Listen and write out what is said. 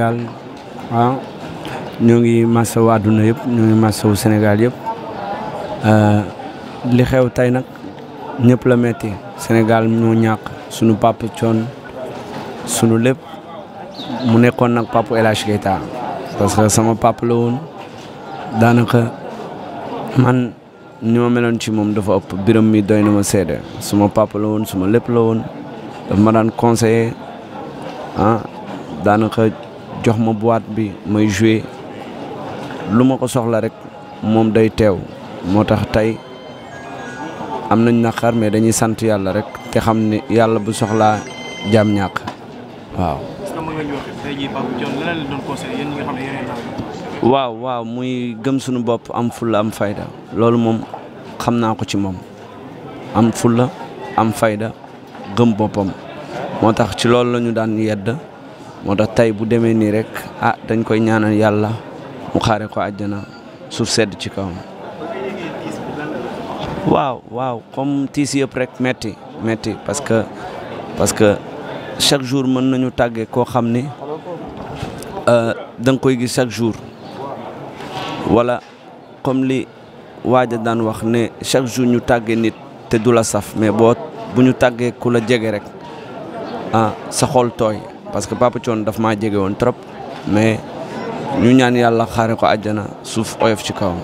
Sénégal ah ñoo ngi masawu àdduna yëpp ñoo ngi masawu Sénégal yëpp eh, li xew tey nag ñépp la metti Sénégal ñoo ñàkk sunu papa coon sunu lépp mu nekkoon nag papa sama papa la woon daanaka man ni ma meloon ci moom dafa ëpp biram mi doy na ma seede suma papa la woon suma lépp la woon daf ma daan conseiller ah, daanaka jox ma boîte bi may jouer lu ma ko soxla rek moom day teew moo tax tey am nañ naqar mais dañuy sant yàlla rek te xam ne yàlla bu soxlaa jaam ñàkk waaw. waaw muy gëm sunu bopp am fulla am fayda loolu moom xam naa ko ci moom am fulla am fayda gëm boppam moo tax ci loolu la daan yedd moo tax tey bu demee nii rek ah dañ koy ñaanal yàlla mu xaare ko àjjana suuf sedd ci kawam. waaw waaw comme tiis yëpp rek metti metti parce que parce que chaque jour mën nañu tàggee koo xam ni euh, da nga koy gis chaque jour wala comme li waaja daan wax ne chaque jour ñu tàggee nit te du la saf mais boo bu ñu tàggee ku la jege rek ah sa xol tooy. parce que Papa Thione daf jege woon trop mais ñu ñaan yàlla xaare ko àjjana suuf oyof ci kawam.